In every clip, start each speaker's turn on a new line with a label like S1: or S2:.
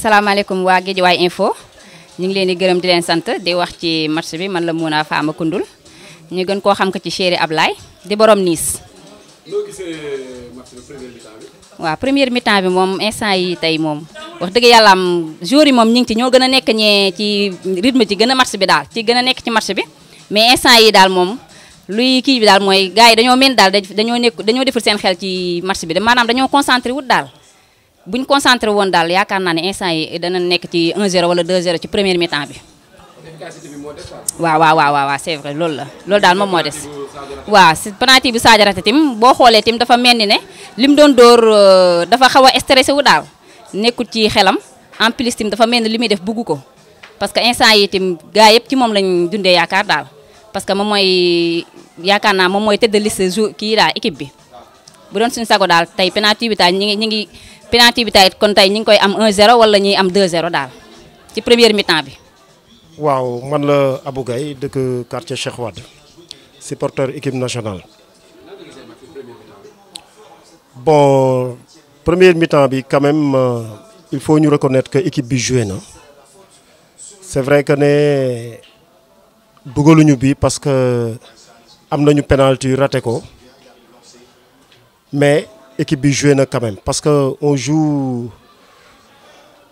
S1: salaamaaleykum waa Guédiawaye info ñu ngi leen di gërëm di leen sant di wax ci match bi man la Mouna Fama Koundoul ñu gën koo xam ko ci ab Ablaye di borom Nice.
S2: waa gisee match bi
S1: première mi bi. moom instant yi tey moom wax dëgg yàlla am joueurs yi moom ñu ngi ci ñoo gën a nekk ñee ci rythme ci gën a match bi daal ci gën a nekk ci match bi mais instant yi daal moom. luy kii bi daal mooy gaa yi dañoo mel daal dañoo nekk dañoo deful seen xel ci match bi maanaam dañoo concentré wut daal buñ concentré won dal yakar na ne instant yi dana nek ci 1 0 wala 2 0 ci premier mi temps bi wa wa wa wa c'est vrai lol la lol dal moom mo dess wa si penalty bu Sadio Raté tim bo xolé tim dafa melni ne lim doon dóor euh, dafa xawa stressé wu dal nekut ci xelam en plus tim dafa melni limi def bugu ko parce que instant yi tim gaay yep ci mom lañ dundé yakar dal parce que mom moy yakar na mom moy tëdd liste jour kii équipe bi bu doon suñu sago dal tay penalty bi daal ñi ngi penalty bi est kon tay koy am 1-0 wala am 2-0 dal ci première mi-temps bi.
S2: waaw man la Abou Gaye dëkk quartier Cheikh supporter équipe nationale. bon première mi-temps bi quand même euh, il faut ñu reconnaître que équipe bi joué c'est vrai que ne dugaluñu bi parce que am nañu penalty raté ko mais équipe bi quand même parce que on joue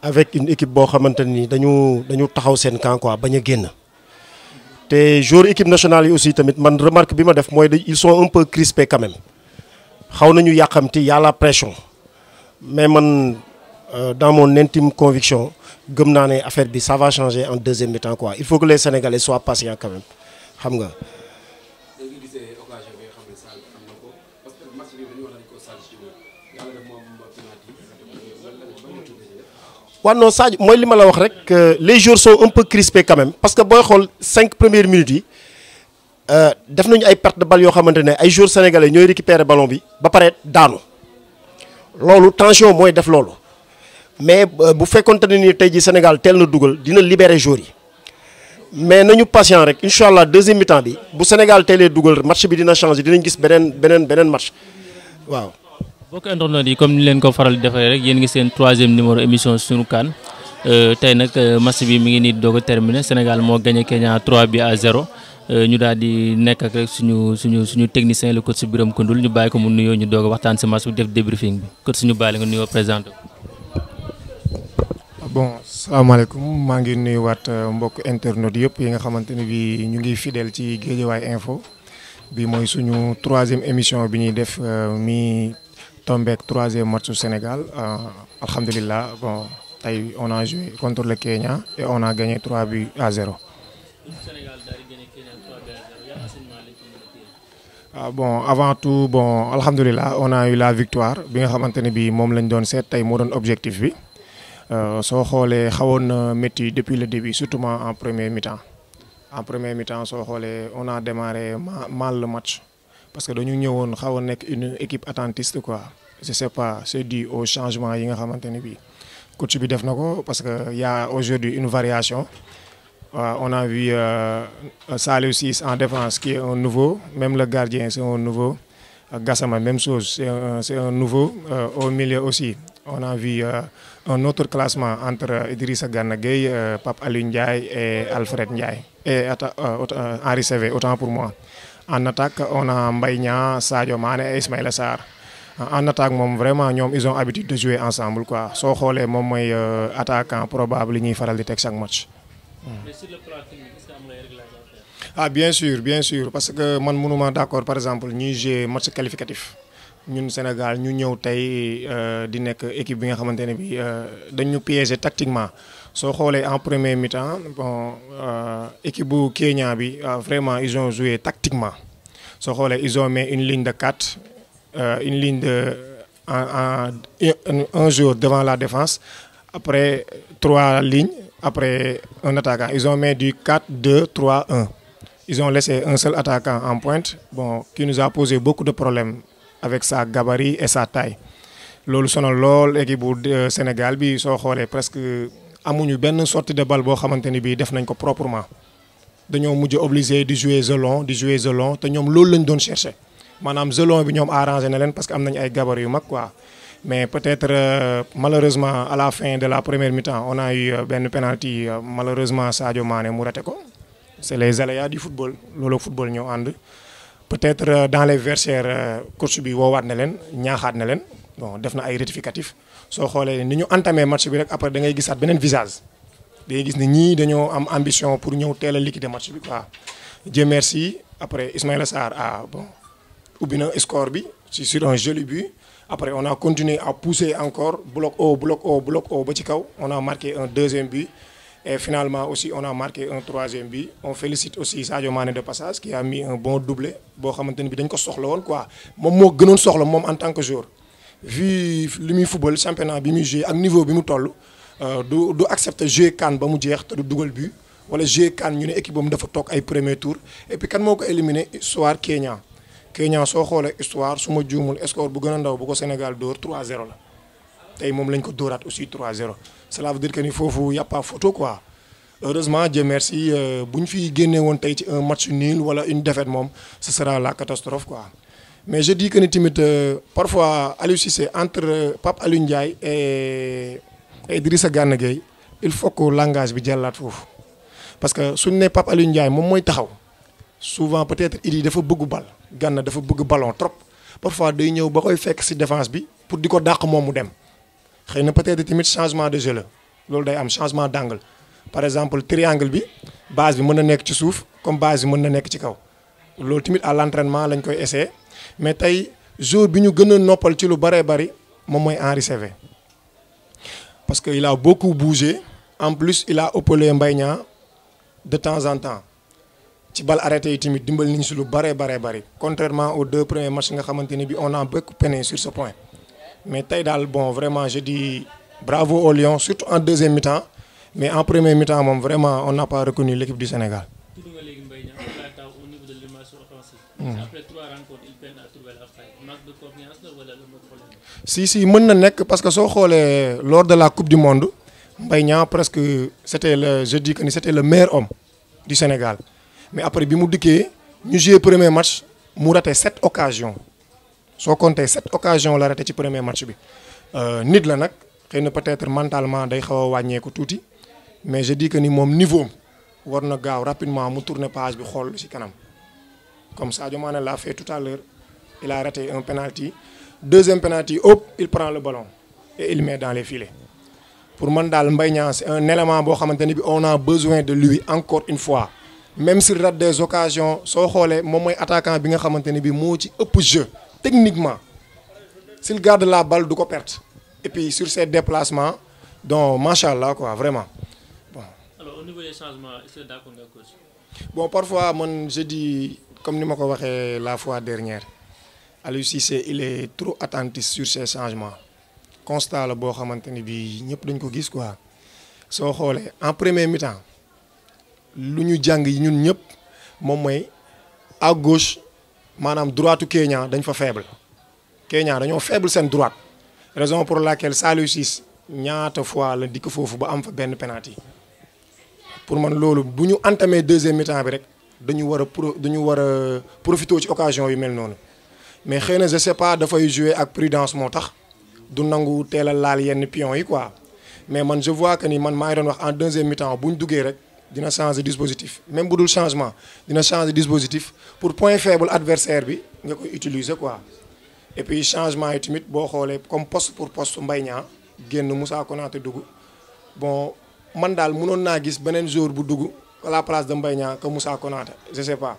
S2: avec une équipe bo xamante dañu dañu taxaw sen camp quoi baña guen té équipe nationale aussi tamit man remarque bima def ils sont un peu crispés quand même xawnañu yakamti ya y a la pression mais man euh, dans mon intime conviction gëm na né affaire bi ça va changer en deuxième mi-temps quoi il faut que les sénégalais soient patients quand même xam waaw non Sadio mooy li ma la wax rek les jours sont un peu crispés quand même parce que booy xool 5 premières minutes yi euh, def nañu ay perte de balle yoo xamante ay joueurs sénégalais ñooy récupérer ballon bi ba pare daanu loolu tension mooy def loolu mais euh, bu fekkonte ne ni tey ji Sénégal teel na dugal dina libérer joueurs yi mais nañu patient rek incha deuxième mi-temps bi bu Sénégal teelee dugal match bi dina changer dinañ gis beneen beneen beneen match waaw. bokk internet yi comme ni leen ko faral di defee rek yéen ngi seen troisième numéro émission sunu CAN euh, tey nag euh, match bi mi ngi nii doog a terminé Sénégal moo gagné Kenya 3 bi à 0 euh, ñu daal di nekk ak rek suñu suñu suñu technicien le coach Birame Koundoul ñu bàyyi ko mu nuyoo ñu doog a waxtaan si match bi def débriefing bi coach suñu bàyyi la nga nuyoo présenté bon
S3: salaamaaleykum maa ngi nuyuwaat mbokk internet yëpp yi nga xamante ne bii ñu ngi fidèle ci Guédiawaye info bi mooy suñu troisième émission bi ñuy def mi avec troisième match au Sénégal euh, Alhamdulillah, bon on a joué contre le Kenya et on a gagné 3 buts à 0. Ah, bon avant tout bon on a eu la victoire bi nga xamante bi, bii lañ doon seet objectif bi Euh, so xawoon na metti depuis le début surtout en première mi-temps en première mi-temps on a démarré mal le match parce que nous, avons une équipe attentiste quoi je sais pas c'est dû au changement yi nga coach bi parce que y a aujourd'hui une variation euh, on a vu euh, Salé 6 en défense qui est un nouveau même le gardien c'est un nouveau euh, Gassama même chose c'est un nouveau au milieu aussi on a vu un autre classement entre Idrissa Gana Papa Pape Alun Ndiaye et Alfred Ndiaye et Henri Saivet autant pour moi en attaque, on a Mbaïna, Sadio Mane et Ismaïla Assar. En attaque, mom, vraiment, ils ont l'habitude de jouer ensemble. Quoi. So, xolé, mom, euh, attaquant probable, ñi faral di tek chaque match.
S2: Mais sur le plan est-ce qu'il y a règles
S3: Ah, bien sûr, bien sûr. Parce que man, suis d'accord, par exemple, ñi matchs match qualificatif. au Sénégal nous ñëw tey euh, di nekk équipe bi nga xamante bi euh, dañu piéger tactiquement so en premier mi-temps bon euh, équipe Kenya bi euh, vraiment ils ont joué tactiquement so xolé ils ont mis une ligne de 4, euh, une ligne de un jour devant la défense après trois lignes après un attaquant ils ont mis du 4 2 3 1 ils ont laissé un seul attaquant en pointe bon qui nous a posé beaucoup de problèmes avec sa gabarit et sa taille loolu sonal équipe du Sénégal bi so presque amuñu benn sortie de balle boo xamante ni bii def nañ ko proprement dañoo mujj obligé di jouer zelon di jouer zelon te ñoom loolu lañ doon cherché maanaam zelon bi ñoom arrangé na leen parce que am nañ ay gabar yu mag quoi mais peut-être euh, malheureusement à la fin de la première mi-temps on a eu euh, benn penalty euh, malheureusement Sadio Mané mu raté ko c'est les aléas du football loolu football ñoo ànd peut-être dans les vestiaires coach bi woowaat na leen ñaaxaat na leen bon def na ay rectificatif soo xoolee ni ñu match bi rek après da ngay visage da ngay gis ambition pour ñëw tel liquider match Dieu merci après Ismaïla Sarr a bon un score sur un joli but après on a continué à pousser encore bloc haut bloc haut bloc haut on a marqué un deuxième but et finalement aussi on a marqué un troisième but on félicite aussi Sadio Mané de passage qui a mis un bon doublé boo xamante ni bi dañ ko soxla moi quoi moom moo gënoon soxla en tant que joueur vu le muy football championnat bi muy joué ak niveau bi mu toll euh, du du accepter joué CAN ba mu te but wala jouer Kan, ñu ne équipe boobu dafa toog ay premier tour et puis kan moo ko éliminé histoire Kenya Kenya soo xoolee histoire su ma le score bu gën ndaw bu ko Sénégal dóor 3-0 Et tey moom lañ ko aussi 3-0 cela veut dire que ni foofu y a pas photo quoi heureusement Dieu merci si euh, ñu fi génne ci un match nul wala une défaite ce sera la catastrophe quoi mais je dis que euh, parfois c'est entre euh, Pape Aliou et et Idrissa Gana il faut que le langage bi jàllaat parce que si ne Pape Aliou Ndiaye moom là, souvent peut-être il beaucoup dafa balles. bal il dafa beaucoup ballon trop parfois il ñëw ba koy fekk ci défense bi pour di ko dàq moom Il y peut-être un changement de jeu Il y day am changement d'angle par exemple le triangle bi base bi mën que nekk ci comme comme base bi mën que nekk ci kaw loolu tamit à l'entraînement koy essayer mais tay jour biñu gëna noppal ci lu baré bari mom moy Henri Saivet parce que il a beaucoup bougé en plus il a opéré un de temps en temps ci bal arrêté yi tamit dimbal nañu ci lu baré baré bari contrairement aux deux premiers matchs nga xamante bi on a beaucoup peiné sur ce point mais tay dal bon vraiment je dis bravo aux Lions surtout en deuxième mi-temps mais en premier mi-temps vraiment on n'a pas reconnu l'équipe du Sénégal. si si mën na nekk parce que soo xoolee lors de la coupe du monde Mbaye presque c' était le je dis que ni c' était le meilleur homme du Sénégal mais après bi mu dikkee ñu joué premier match mu raté sept occasions soo compté sept occasions la raté ci premier match bi euh, nit la nag xëy na peut-être mentalement day xaw a wàññeeku tuuti mais je dis que ni moom niveau war na gaaw rapidement mu tourner page bi xool ci kanam comme Sadio Mané l'a fait tout à l'heure il a raté un penalty deuxième penalty hop il prend le ballon et il met dans les filets pour Mandal c'est un élément qu'on on a besoin de lui encore une fois même s'il rate des occasions il xoolee moom attaquant bi nga jeu techniquement s'il garde la balle du perd et puis sur ses déplacements donc mashallah, quoi vraiment
S2: bon. alors au niveau des changements est-ce que d'accord
S3: bon parfois je dis comme je l'ai dit la fois dernière. Aliou il est trop attentif sur ces changements constat la boo xamante bi n'y plus dañ ko gis quoi soo xoolee en premier mi-temps lu ñu jàng yi ñun ñëpp à gauche droite au Kenya dañ fa faible Kenya fois faible seen droite raison pour laquelle l'UCC n'y a fois le dikk foofu ba am fa benn penalty pour man loolu bu ñu entamé deuxième mi-temps bi rek dañu war a pro profiter profité ci occasion yu mel mais je ne je sais pas dafay jouer avec prudence moo tax du nangu teel a laal yenn pion yi quoi mais man je vois que ni man maa ngi wax en deuxième mi-temps buñ ñu rek dina changer dispositif même bu changement dina changer dispositif pour point faible adversaire bi nga koy utiliser quoi et puis changement yi tamit bo xolé comme poste pour poste Mbaye Niang Moussa Konaté dugg bon man dal mënoon naa gis benen joueur bu dugg à la place de Mbaye que Moussa Konaté je sais pas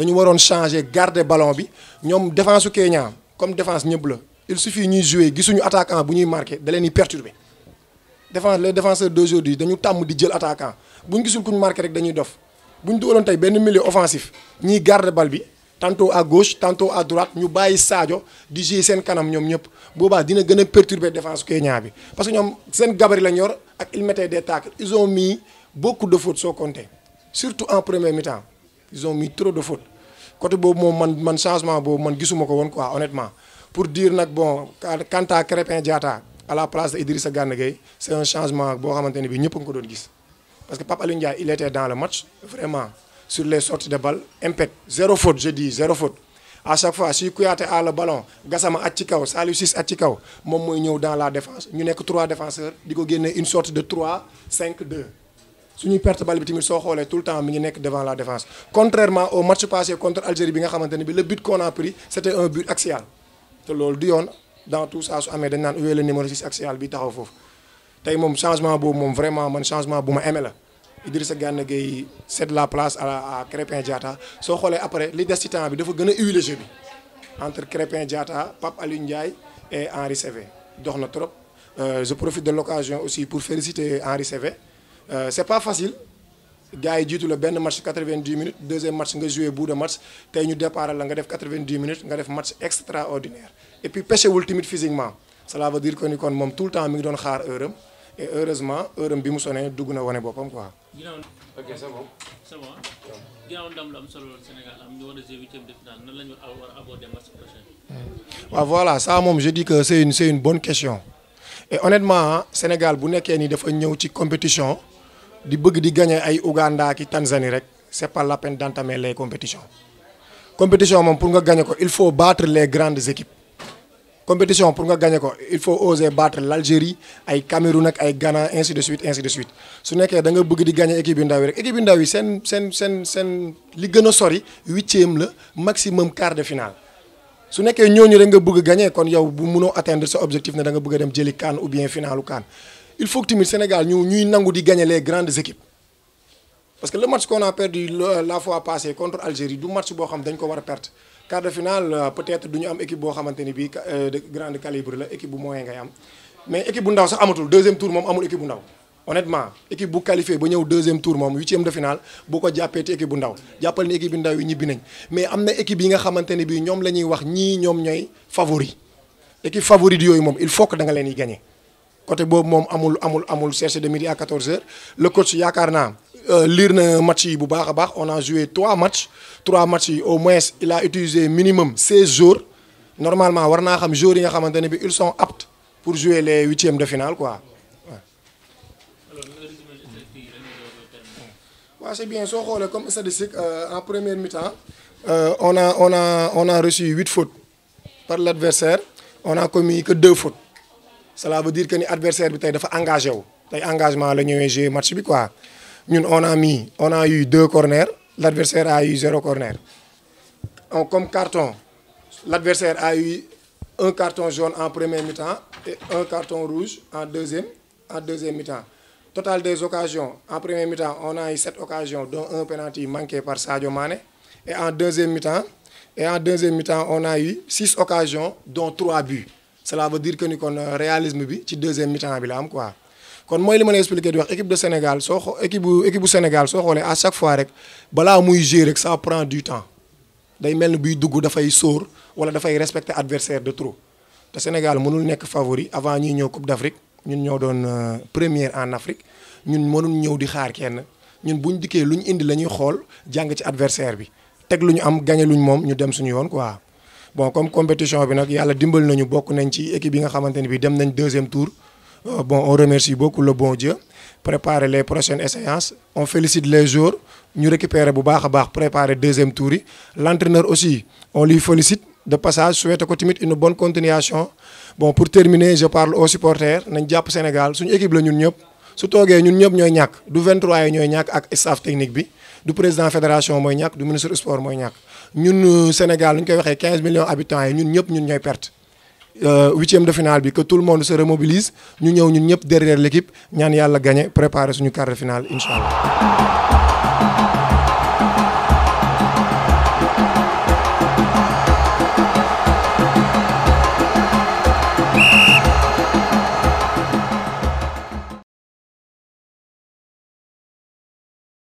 S3: dañu waroon changer garder ballon bi ñoom défense Kenya comme défense ñëpp la il suffit ñuy jouer gisuñu attaquant bu ñuy marquer da leen di perturber défense les défenseurs d'aujourd'hui dañu tam di jël attaquant bu ñu gisul kuñ marquer rek dañuy dof bu ñu dugaloon tey benn milieu offensif ñi garder bal bi tantôt à gauche tantôt à droite ñu bayyi Sadio di jouer sen kanam ñom ñëpp boba dina gëna perturber défense Kenya bi parce que ñom sen gabarit la ñor ak ils mettaient des tacles ils ont mis beaucoup de fautes so compter surtout en première mi-temps ils ont mis trop de fautes côté boobu man man changement boobu man gisuma ko woon quoi honnêtement pour dire nak bon quant Crépin diata à la place d'Idrissa Idrissa c'est un changement que xamanteni ne bi ñepp ngi ko doon gis parce que Pape Alioune il était dans le match vraiment sur les sorties de balles, impact zéro faute je dis zéro faute à chaque fois si Kouyaté a le ballon Gassama at ci kaw Saliou 6 at ci kaw mom moy ñëw dans la défense ñu nek trois défenseurs diko y une sorte de 3 5 2 si perte balle bi tamit soo xoolee tout le temps mi ngi nekk devant la défense contrairement au match passé contre Algérie bi nga xamante bi le but qu'on a pris c'était un but axial te loolu du yoon dans tout ça su amee dañ naan uwee le numéro 6 axial bi taxaw foofu tey moom changement boobu moom vraiment man changement bu ma aimé la Idrissa Gana Gueye cède la place à Crépin Diatta soo xoolee après li des ci temps bi dafa gën a le jeu bi entre Crépin Diata Pape Alioune Ndiaye et Henri Sévé dox na euh, je profite de l'occasion aussi pour féliciter Henri Sévé ce euh, c'est pas facile gars yi jiitu le match 90 minutes deuxième match nga joué bout de match ñu départ la 90 minutes match extraordinaire et puis pêcher ultime physiquement cela veut dire que ni tout le temps mi ngi et heureusement heure bi mu sonné c'est
S2: bon. c'est
S3: bon voilà ça mom, je dis que c'est une c'est une bonne question et honnêtement hein, Sénégal bu y ni dafa ñëw compétition di bëgg di gagner ay Ouganda ki Tanzanie rek c'est pas la peine d'entamer les compétitions compétition mom pour nga gagner ko il faut battre les grandes équipes compétition pour nga gagner ko il faut oser battre l'Algérie ay Cameroun ak ay Ghana ainsi de suite ainsi de suite su nekké da nga bëgg di gagner équipe yu ndaw rek équipe yu ndaw yi sen sen sen sen li gëna sori 8 huitième la maximum quart de finale su nekké ñooñu rek nga bëgg gagner kon yow bu mëno atteindre ce objectif ne da nga bëgg a dem jëli CAN ou bien finalu CAN il faut que tamit Sénégal nous, ñuy nangu di gagner les grandes équipes parce que le match qu'on a perdu la fois passée contre Algérie du match boo xam dañ ko war perdre. perte quart de finale euh, peut-être du ñu am équipe boo xamante ni euh, de grande calibre la équipe bu moyen ngay am mais équipe bu ndaw sax amatul deuxième tour moom amul équipe bu ndaw honnêtement équipe bu qualifié ba ñëw deuxième tour moom huitième de finale bu ko jàppee équipe bu ndaw jàppal ni équipe bu ndaw yi ñibbi mais amener équipe yi nga xamante ne bii ñoom la ñuy wax ñii ñoom ñooy favori équipe favorite il faut que da nga leen gagner côté bob mom amul amul amul chercher de midi à 14h le coach Yakarna, euh, lire un match bu on a joué trois matchs trois matchs au moins il a utilisé minimum 16 jours normalement warna xam jours yi nga bi ils sont aptes pour jouer les huitièmes de finale quoi. Ouais, c'est bien son rôle comme statistique euh, en première mi-temps euh, on a on a on a reçu 8 fautes par l'adversaire on a commis que deux fautes cela veut dire que l'adversaire adversaire engagé L'engagement, tey engagement la match on a mis on a eu deux corners l'adversaire a eu zéro corner comme carton l'adversaire a eu un carton jaune en premier mi-temps et un carton rouge en deuxième en deuxième mi-temps total des occasions en première mi-temps on a eu sept occasions dont un penalty manqué par Sadio Mané et en deuxième mi-temps et en deuxième mi-temps on a eu six occasions dont trois buts cela veut dire que ni kon euh, réalisme bi ci deuxième mi-temps bi la am quoi kon moy li ma lay expliquer di wax équipe de Sénégal so équipe équipe du Sénégal so xolé à chaque fois rek bala muy jouer rek ça prend du temps day mel ni buy dugg fay sor wala fay respecter adversaire de trop te Sénégal mënul nek favori avant ñi ñëw Coupe d'Afrique ñun ñoo doon euh, première en Afrique ñun mënul ñëw di xaar kenn ñun buñ dikkee luñ indi la ñuy xool jàng ci adversaire bi teg luñ am gagner luñ mom ñu dem suñu yoon quoi bon comme compétition bi nak yalla dimbal nañu bokk nañ ci équipe bi nga xamanteni bi dem nañ deuxième tour euh, bon on remercie beaucoup le bon Dieu préparer les prochaines séances on félicite les joueurs ñu récupérer bu baax baax préparer deuxième tour yi l'entraîneur aussi on lui félicite de passage souhaite ko tamit une bonne continuation bon pour terminer je parle aux supporters nañ japp Sénégal suñu équipe la ñun ñëpp su toogee ñun ñëpp ñoy ñak du 23 ñoy ñak ak staff technique bi du président fédération mooy ñàkk du ministre sport mooy ñàkk ñun euh, Sénégal ñu koy waxee 15 millions habitants yi ñun ñëpp ñun ñooy perte. Euh, huitième de finale bi que tout le monde se remobilise ñu ñëw ñun ñëpp derrière l'équipe ñaan yàlla gagné préparer suñu quart de finale incha allah.